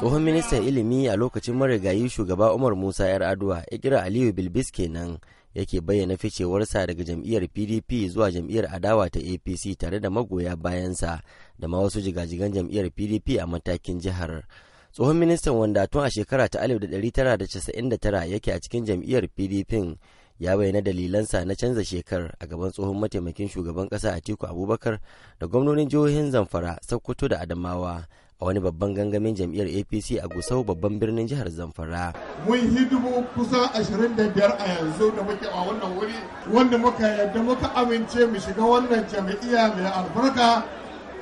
tsohon ministan ilimi a lokacin marigayi shugaba umar musa yar aduwa ikira aliyu bilbis kenan yake bayyana ficewarsa daga jam'iyyar pdp zuwa jam'iyyar adawa ta apc tare da magoya bayansa da ma wasu jigajigan jam'iyyar pdp a matakin jihar tsohon ministan wanda tun a shekara ta 1999 yake a cikin jam'iyyar pdp ya bayyana dalilansa na canza shekar a gaban tsohon mataimakin shugaban kasa Atiku Abubakar da gwamnonin jihohin Zamfara, Sokoto da Adamawa a wani babban gangamin jam'iyyar APC a Gusau babban birnin jihar Zamfara. Mun yi dubu kusa ashirin a yanzu da muke a wannan wuri wanda muka yadda muka amince mu shiga wannan jam'iyya mai albarka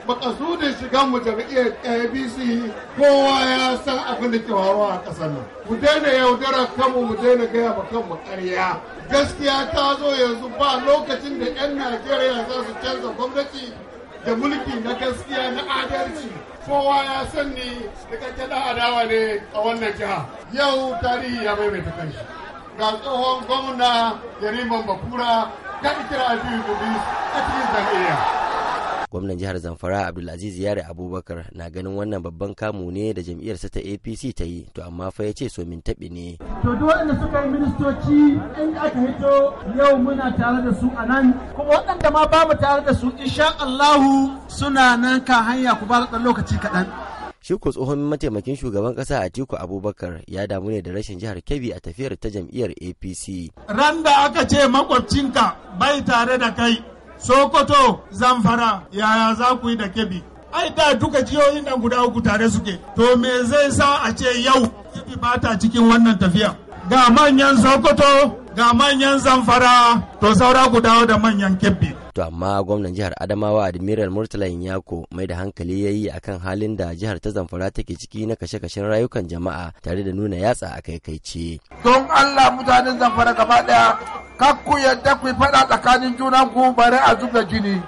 makasudin shigan mu jam'iyyar abc kowa ya san abin da ke faruwa a ƙasar nan mu daina yaudara kanmu mu daina gaya ma kanmu ƙarya gaskiya ta zo yanzu ba lokacin da 'yan najeriya za su canza gwamnati da mulki na gaskiya na adalci kowa ya san ni da ɗan adawa ne a wannan jiha yau tarihi ya maimaita kanshi ga tsohon gwamna yariman bakura ta ikira biyu kudi a cikin jam'iyya gwamnan jihar zamfara abdulaziz yare abubakar na ganin wannan babban kamu ne da jam'iyyarsa ta apc ta yi to amma fa ya ce min taɓi ne to duk waɗanda suka yi ministoci in aka hito yau muna tare da su a nan kuma waɗanda ma ba mu tare da su insha allahu suna nan kan hanya ku ba ɗan lokaci kaɗan shi ko tsohon mataimakin shugaban kasa Atiku Abubakar ya damu ne da rashin jihar Kebbi a tafiyar ta jam'iyyar APC. Ran da aka ce makwabcinka bai tare da kai sokoto zamfara yaya za ku yi da kebi ai da duka jihohin nan guda uku tare suke to me zai sa a ce yau kebi ba ta cikin wannan tafiya ga manyan sokoto ga manyan zamfara to saura ku dawo da manyan kebi to amma gwamnan jihar adamawa admiral murtala yako mai da hankali ya yi a kan halin da jihar ta zamfara take ciki na kashe-kashen rayukan jama'a tare da nuna yatsa a ce. don allah mutanen zamfara gaba ɗaya. kakku yadda ku faɗa tsakanin ku bare a gini da jini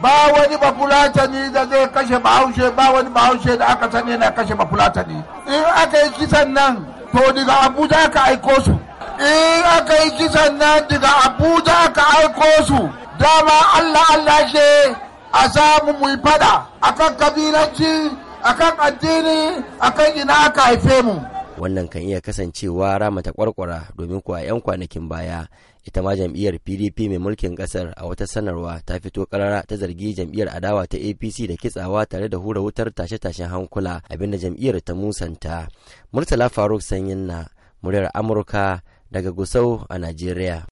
ba wani bafulatani da zai kashe bahaushe ba wani bahaushe da aka sani na kashe bafulatani in aka yi kisan nan to daga abuja aka aiko su in aka yi kisan nan daga abuja aka aiko su dama allah allah ke a samu mu faɗa akan kabilanci akan addini akan ina aka haife mu wannan kan iya kasancewa rama ta kwarkwara domin kuwa 'yan kwanakin baya ita ma jam'iyyar pdp mai mulkin kasar a wata sanarwa ta fito karara ta zargi jam'iyyar adawa ta apc da kitsawa tare da hura wutar tashe-tashen hankula abinda jam'iyyar ta musanta murtala faruk sanyin na muryar amurka daga gusau a najeriya